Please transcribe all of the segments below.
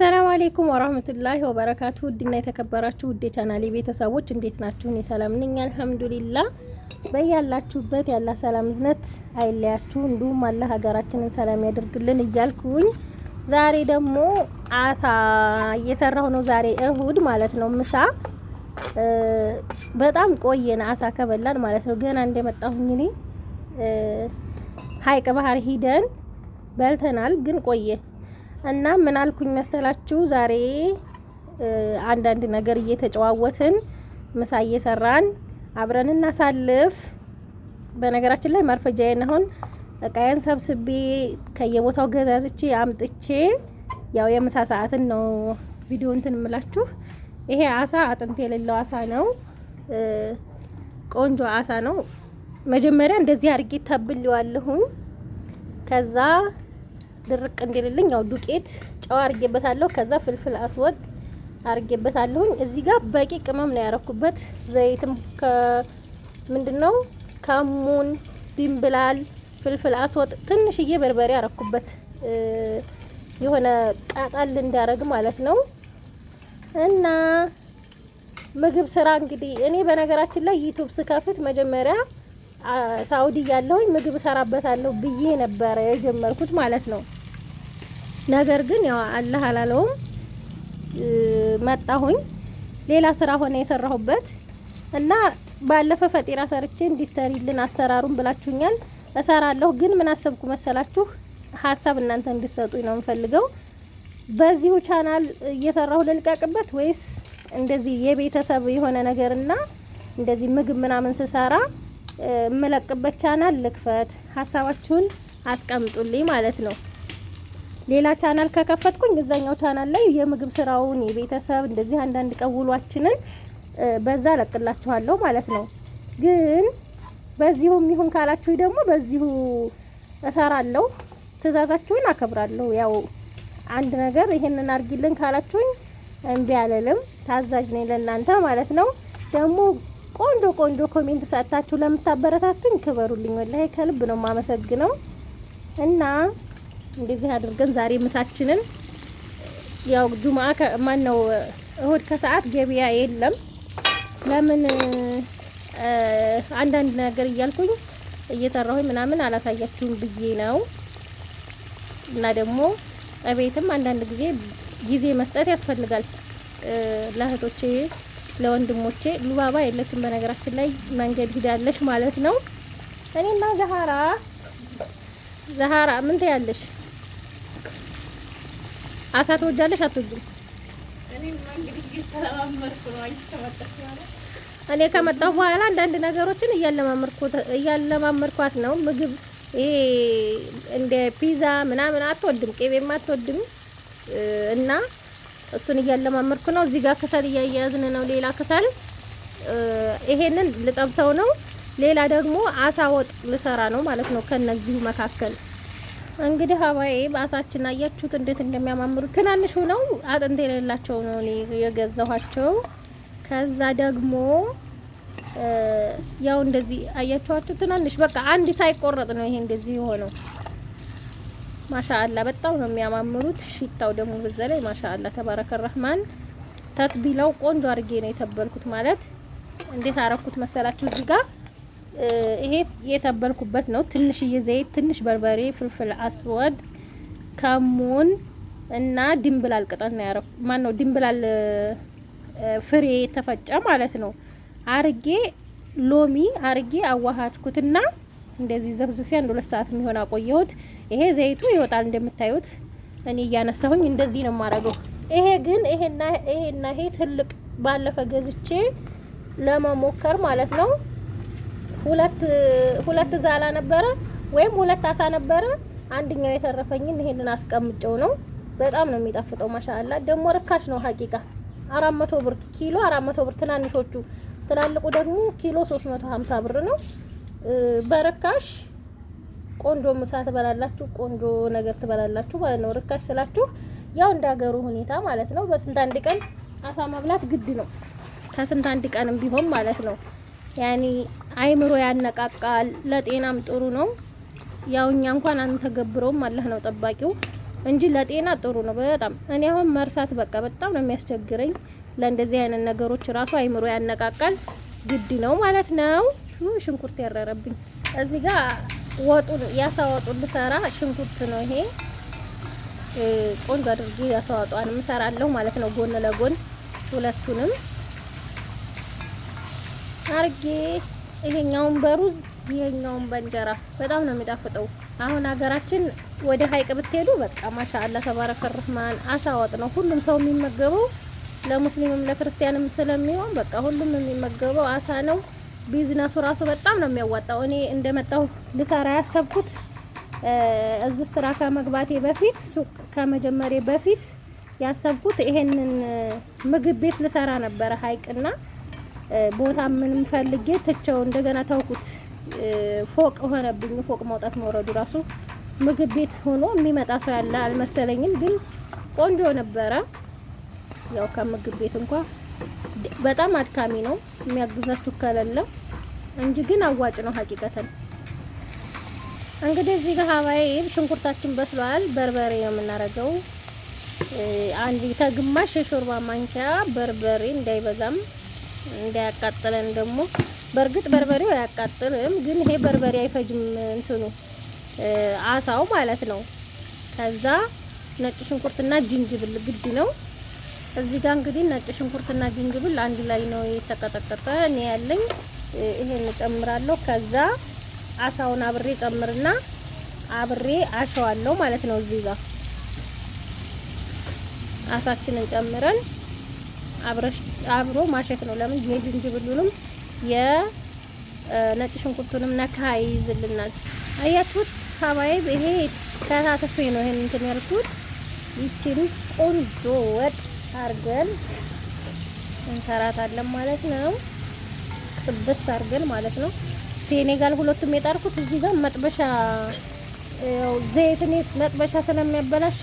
ሰላም አሌይኩም ወራህመቱላሂ ወበረካቱ ውድና የተከበራችሁ ውድ ቻናሌ ቤተሰቦች እንዴት ናችሁ? እኔ ሰላም ነኝ አልሐምዱሊላ። በያላችሁበት ያላ ሰላም እዝነት አይለያችሁ፣ እንዲሁም አላ ሀገራችንን ሰላም ያደርግልን እያልኩኝ ዛሬ ደግሞ አሳ እየሰራሁ ነው። ዛሬ እሁድ ማለት ነው። ምሳ በጣም ቆየን አሳ ከበላን ማለት ነው። ገና እንደመጣሁኝ እኔ ሀይቅ ባህር ሂደን በልተናል፣ ግን ቆየ እና ምን አልኩኝ መሰላችሁ ዛሬ አንዳንድ ነገር እየተጨዋወትን ምሳ እየሰራን አብረን እናሳልፍ። በነገራችን ላይ ማርፈጃዬን አሁን እቃዬን ሰብስቤ ከየቦታው ገዛዝቼ አምጥቼ ያው የምሳ ሰዓትን ነው ቪዲዮ እንትን እምላችሁ። ይሄ አሳ አጥንት የሌለው አሳ ነው። ቆንጆ አሳ ነው። መጀመሪያ እንደዚህ አድርጌ ታብሌዋለሁኝ ከዛ ድርቅ እንዲልልኝ ያው ዱቄት ጨዋ አርጌበታለሁ። ከዛ ፍልፍል አስወጥ አርጌበታለሁኝ። እዚህ ጋር በቂ ቅመም ነው ያረኩበት። ዘይትም ምንድነው? ከሙን፣ ዲምብላል ፍልፍል አስወጥ፣ ትንሽዬ በርበሬ አረኩበት የሆነ ቃጣል እንዳረግ ማለት ነው እና ምግብ ስራ እንግዲህ እኔ በነገራችን ላይ ዩቲዩብ ስከፍት መጀመሪያ ሳውዲ ያለሁኝ ምግብ እሰራበታለሁ ብዬ ነበረ የጀመርኩት ማለት ነው። ነገር ግን ያው አላህ አላለውም መጣሁኝ። ሌላ ስራ ሆነ የሰራሁበት እና ባለፈ ፈጢራ ሰርቼ እንዲሰሪልን አሰራሩን ብላችሁኛል። እሰራለሁ ግን ምን አሰብኩ መሰላችሁ? ሀሳብ እናንተ እንድትሰጡኝ ነው የምፈልገው። በዚሁ ቻናል እየሰራሁ ልልቀቅበት ወይስ እንደዚህ የቤተሰብ የሆነ ነገርና እንደዚህ ምግብ ምናምን ስሰራ የምለቅበት ቻናል ልክፈት? ሀሳባችሁን አስቀምጡልኝ ማለት ነው። ሌላ ቻናል ከከፈትኩኝ እዛኛው ቻናል ላይ የምግብ ስራውን የቤተሰብ እንደዚህ አንዳንድ ቀውሏችንን በዛ ለቅላችኋለሁ ማለት ነው። ግን በዚሁ ይሁን ካላችሁ ደግሞ በዚሁ እሰራለሁ። ትእዛዛችሁን አከብራለሁ። ያው አንድ ነገር ይሄንን አርጊልን ካላችሁኝ እምቢ አልልም። ታዛዥ ነኝ ለእናንተ ማለት ነው። ደግሞ ቆንጆ ቆንጆ ኮሜንት ሰጥታችሁ ለምታበረታቱኝ ክበሩልኝ። ወላሂ ከልብ ነው የማመሰግነው እና እንደዚህ አድርገን ዛሬ ምሳችንን ያው ጁማአ ከማን ነው እሁድ ከሰዓት ገበያ የለም። ለምን አንዳንድ ነገር እያልኩኝ እየሰራሁኝ ምናምን አላሳያችሁም ብዬ ነው። እና ደግሞ እቤትም አንዳንድ ጊዜ ጊዜ መስጠት ያስፈልጋል ለእህቶቼ ለወንድሞቼ። ሉባባ የለችም በነገራችን ላይ መንገድ ሂዳለች ማለት ነው። እኔና ዛሃራ ዛሃራ ምን ትያለሽ? አሳ ትወጃለሽ አትወጂም? እኔ ከመጣሁ በኋላ አንዳንድ ነገሮችን እያለማመርኳት ነው። ምግብ ይሄ እንደ ፒዛ ምናምን አትወድም፣ ቄቤም አትወድም እና እሱን እያለማመርኩ ነው። እዚህ ጋር ከሰል እያያያዝን ነው። ሌላ ከሰል ይሄንን ልጠብሰው ነው። ሌላ ደግሞ አሳ ወጥ ልሰራ ነው ማለት ነው ከነዚሁ መካከል እንግዲህ ሀባዬ በአሳችን አያችሁት እንዴት እንደሚያማምሩ ትናንሹ ነው አጥንት የሌላቸው ነው የገዛኋቸው። ከዛ ደግሞ ያው እንደዚህ አያችኋቸው ትናንሽ በቃ አንድ ሳይቆረጥ ነው ይሄ እንደዚህ የሆነው። ማሻአላ በጣም ነው የሚያማምሩት። ሽታው ደግሞ በዛ ላይ ማሻአላ ተባረከ ረህማን ተትቢላው ቆንጆ አድርጌ ነው የተበልኩት። ማለት እንዴት አረኩት መሰላችሁ እዚህ ጋር ይሄ የተበልኩበት ነው። ትንሽዬ ዘይት፣ ትንሽ በርበሬ፣ ፍልፍል አስወድ፣ ከሙን እና ድንብላል ቅጠል ነው ያረኩ። ማን ነው ድንብላል ፍሬ የተፈጨ ማለት ነው። አርጌ ሎሚ አርጌ አዋሃድኩትና እንደዚህ ዘፍዝፌ አንድ ሁለት ሰዓት የሚሆን አቆየሁት። ይሄ ዘይቱ ይወጣል እንደምታዩት። እኔ እያነሳሁኝ እንደዚህ ነው የማረገው። ይሄ ግን ይሄና ይሄና ይሄ ትልቅ ባለፈ ገዝቼ ለመሞከር ማለት ነው ሁለት ሁለት ዛላ ነበረ ወይም ሁለት አሳ ነበረ። አንድኛው የተረፈኝን ይሄንን አስቀምጨው ነው። በጣም ነው የሚጣፍጠው። ማሻአላ ደግሞ ርካሽ ነው ሀቂቃ 400 ብር ኪሎ 400 ብር። ትናንሾቹ ትላልቁ ደግሞ ኪሎ 350 ብር ነው። በርካሽ ቆንጆ ምሳ ትበላላችሁ፣ ቆንጆ ነገር ትበላላችሁ ማለት ነው። ርካሽ ስላችሁ ያው እንዳገሩ ሁኔታ ማለት ነው። በስንት አንድ ቀን አሳ መብላት ግድ ነው። ከስንት አንድ ቀንም ቢሆን ማለት ነው። ያኔ አይምሮ ያነቃቃል፣ ለጤናም ጥሩ ነው። ያው እኛ እንኳን አንተገብረውም አላህ ነው ጠባቂው እንጂ ለጤና ጥሩ ነው በጣም። እኔ አሁን መርሳት በቃ በጣም ነው የሚያስቸግረኝ። ለእንደዚህ አይነት ነገሮች ራሱ አይምሮ ያነቃቃል፣ ግድ ነው ማለት ነው። ሽንኩርት ያረረብኝ እዚህ ጋር ወጡን ያሳ ልሰራ ሽንኩርት ነው ይሄ። ቆንጆ አድርጌ ያሳ ወጧንም እሰራለሁ ማለት ነው ጎን ለጎን ሁለቱንም አርጌ ይሄኛውን በሩዝ ይሄኛውን በእንጀራ በጣም ነው የሚጣፍጠው። አሁን ሀገራችን ወደ ሀይቅ ብትሄዱ በቃ ማሻአላ ተባረከ ረህማን አሳ ወጥ ነው ሁሉም ሰው የሚመገበው፣ ለሙስሊምም ለክርስቲያንም ስለሚሆን በቃ ሁሉም የሚመገበው አሳ ነው። ቢዝነሱ ራሱ በጣም ነው የሚያዋጣው። እኔ እንደመጣሁ ልሰራ ያሰብኩት እዚህ ስራ ከመግባቴ በፊት ሱቅ ከመጀመሬ በፊት ያሰብኩት ይሄንን ምግብ ቤት ልሰራ ነበረ ሀይቅና ቦታ ምንም ፈልጌ ትቸው እንደገና ተውኩት። ፎቅ ሆነብኝ። ፎቅ መውጣት መውረዱ ራሱ ምግብ ቤት ሆኖ የሚመጣ ሰው ያለ አልመሰለኝም፣ ግን ቆንጆ ነበረ። ያው ከምግብ ቤት እንኳ በጣም አድካሚ ነው የሚያግዛችሁ ከሌለ እንጂ ግን አዋጭ ነው ሀቂቀተን። እንግዲህ እዚህ ጋር ሀባዬ ሽንኩርታችን በስሏል። በርበሬ ነው የምናደርገው። አንድ ተግማሽ የሾርባ ማንኪያ በርበሬ እንዳይበዛም እንዳያቃጥለን ደግሞ በእርግጥ በርበሬው አያቃጥልም፣ ግን ይሄ በርበሬ አይፈጅም እንትኑ አሳው ማለት ነው። ከዛ ነጭ ሽንኩርትና ጅንጅብል ግድ ነው። እዚህ ጋር እንግዲህ ነጭ ሽንኩርትና ጅንጅብል አንድ ላይ ነው የተቀጠቀጠ እኔ ያለኝ ይሄን እጨምራለሁ። ከዛ አሳውን አብሬ ጨምርና አብሬ አሸዋለሁ ማለት ነው። እዚህ ጋር አሳችንን ጨምረን አብሮ ማሸት ነው። ለምን የዝንጅብሉንም የነጭ ሽንኩርቱንም ነካ ይይዝልናል። አያችሁት ሀባይ ይሄ ከታተፌ ነው ይሄን እንትን ያልኩት። ይችን ቆንጆ ወጥ አርገን እንሰራታለን ማለት ነው። ጥብስ አርገን ማለት ነው። ሴኔጋል ሁለቱም የጣርኩት እዚህ ጋር መጥበሻ ዘይት እኔ መጥበሻ ስለሚያበላሽ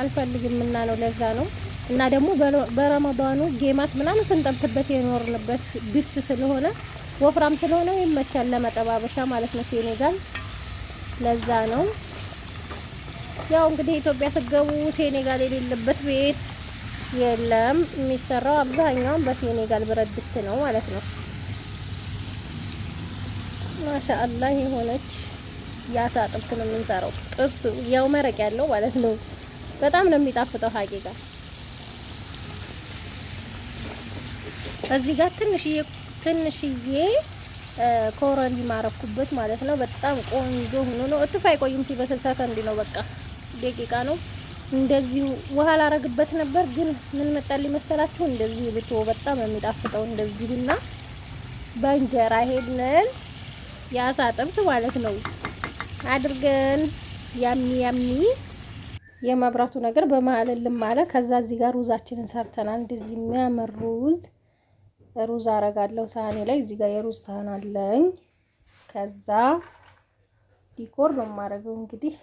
አልፈልግም እና ነው ለዛ ነው እና ደግሞ በረመዳኑ ጌማት ምናምን ስንጠብስበት የኖርንበት ድስት ስለሆነ ወፍራም ስለሆነ ይመቻል ለመጠባበሻ ማለት ነው። ሴኔጋል ለዛ ነው። ያው እንግዲህ ኢትዮጵያ ስገቡ ሴኔጋል የሌለበት ቤት የለም። የሚሰራው አብዛኛውን በሴኔጋል ብረት ድስት ነው ማለት ነው። ማሻአላህ የሆነች የአሳ ጥብስ ነው የምንሰራው። ጥብስ ያው መረቅ ያለው ማለት ነው። በጣም ነው የሚጣፍጠው ሀቂቃ እዚህ ጋር ትንሽዬ ትንሽዬ ኮረንዲ ማረኩበት ማለት ነው። በጣም ቆንጆ ሆኖ ነው። እጥፍ አይቆይም። ሲበስል ሰከንድ ነው፣ በቃ ደቂቃ ነው። እንደዚሁ ውሃ ላረግበት ነበር ግን ምን መጣልኝ መሰላችሁ? እንደዚህ ብቶ በጣም የሚጣፍጠው እንደዚህና በእንጀራ ሄድነን የአሳ ጥብስ ማለት ነው አድርገን ያሚ ያሚ የመብራቱ ነገር በመሀል ልም አለ። ከዛ እዚህ ጋር ሩዛችንን ሰርተናል። እንደዚህ የሚያምር ሩዝ ሩዝ አረጋለሁ ሳህኔ ላይ። እዚህ ጋር የሩዝ ሳህን አለኝ። ከዛ ዲኮር ነው የማደርገው እንግዲህ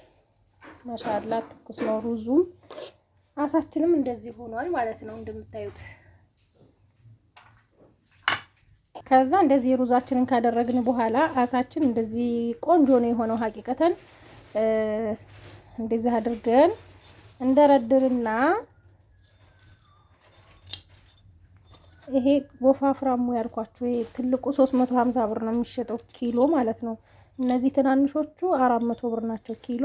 ማሻላ ትኩስ ነው ሩዙም አሳችንም እንደዚህ ሆኗል ማለት ነው እንደምታዩት። ከዛ እንደዚህ ሩዛችንን ካደረግን በኋላ አሳችን እንደዚህ ቆንጆ ነው የሆነው። ሀቂቀተን እንደዚህ አድርገን እንደረድርና ይሄ ወፋፍራሙ ያልኳችሁ ይሄ ትልቁ 350 ብር ነው የሚሸጠው ኪሎ ማለት ነው። እነዚህ ትናንሾቹ 400 ብር ናቸው ኪሎ።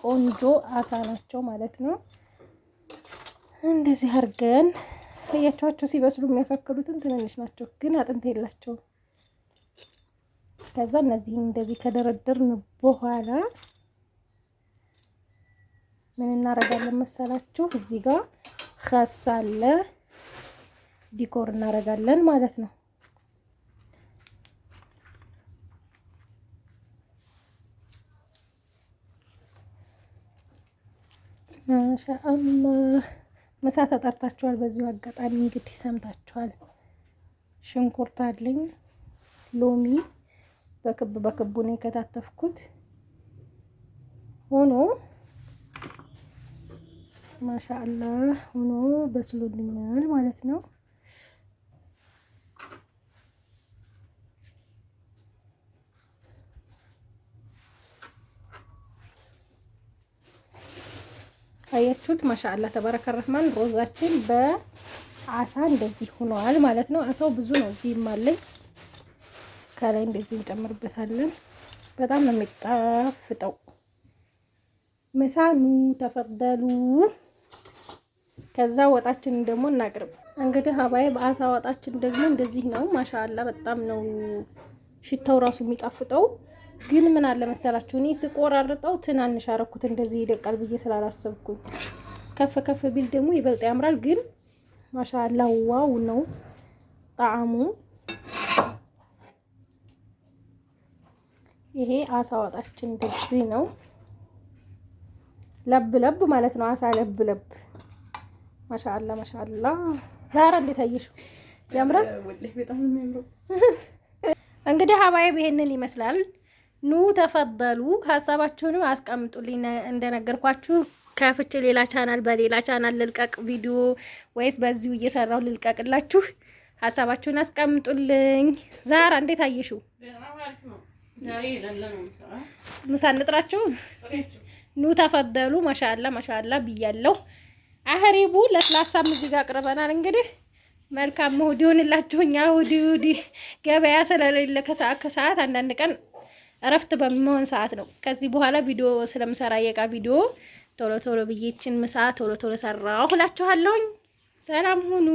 ቆንጆ አሳ ናቸው ማለት ነው። እንደዚህ አድርገን እያቸዋቸው ሲበስሉ የሚያፈክዱትን ትንንሽ ናቸው ግን አጥንት የላቸው። ከዛ እነዚህ እንደዚህ ከደረደርን በኋላ ምን እናደርጋለን መሰላችሁ? እዚህ ጋር ከሳለ ዲኮር እናደርጋለን ማለት ነው። ማሻአላህ ምሳ ተጠርታችኋል። በዚሁ አጋጣሚ እንግዲህ ሰምታችኋል። ሽንኩርት አለኝ፣ ሎሚ በክብ በክቡ ነው የከታተፍኩት። ሆኖ ማሻአላህ ሆኖ በስሎልኛል ማለት ነው። አያችሁት? ማሻአላ ተባረከ ረህማን ሮዛችን በአሳ እንደዚህ ሆኗል ማለት ነው። አሳው ብዙ ነው፣ እዚህም አለኝ። ከላይ እንደዚህ እንጨምርበታለን። በጣም ነው የሚጣፍጠው። ምሳኑ ተፈርደሉ። ከዛ ወጣችን ደግሞ እናቅርብ። እንግዲህ አባዬ በአሳ ወጣችን ደግሞ እንደዚህ ነው። ማሻአላ በጣም ነው ሽታው ራሱ የሚጣፍጠው። ግን ምን አለ መሰላችሁ እኔ ስቆራርጠው ትናንሽ አረኩት እንደዚህ ይደቃል ብዬ ስላላሰብኩኝ ከፍ ከፍ ቢል ደግሞ ይበልጥ ያምራል። ግን ማሻላ ዋው ነው ጣዕሙ። ይሄ አሳ ወጣችን እንደዚህ ነው። ለብ ለብ ማለት ነው። አሳ ለብ ለብ። ማሻአላ ማሻአላ። ዛራ እንዴት አየሽው? ያምራል። እንግዲህ ሀባይብ ይሄንን ይመስላል። ኑ ተፈበሉ፣ ሀሳባችሁንም አስቀምጡልኝ። እንደነገርኳችሁ ከፍቼ ሌላ ቻናል በሌላ ቻናል ልልቀቅ ቪዲዮ ወይስ በዚሁ እየሰራሁ ልልቀቅላችሁ? ሀሳባችሁን አስቀምጡልኝ። ዛራ እንዴት አየሽው? ምሳ እንጥራችሁ። ኑ ተፈደሉ። ማሻላ ማሻላ ብያለሁ። አህሪቡ ለስላሳም እዚህ ጋር አቅርበናል። እንግዲህ መልካም እሑድ ይሁንላችሁ። እኛ እሑድ እሑድ ገበያ ስለሌለ ከሰዓት ከሰዓት አንዳንድ ቀን እረፍት በሚሆን ሰዓት ነው። ከዚህ በኋላ ቪዲዮ ስለምሰራ የቃ ቪዲዮ ቶሎ ቶሎ ብዬችን ምሳ ቶሎ ቶሎ ሰራሁ እላችኋለሁኝ። ሰላም ሁኑ።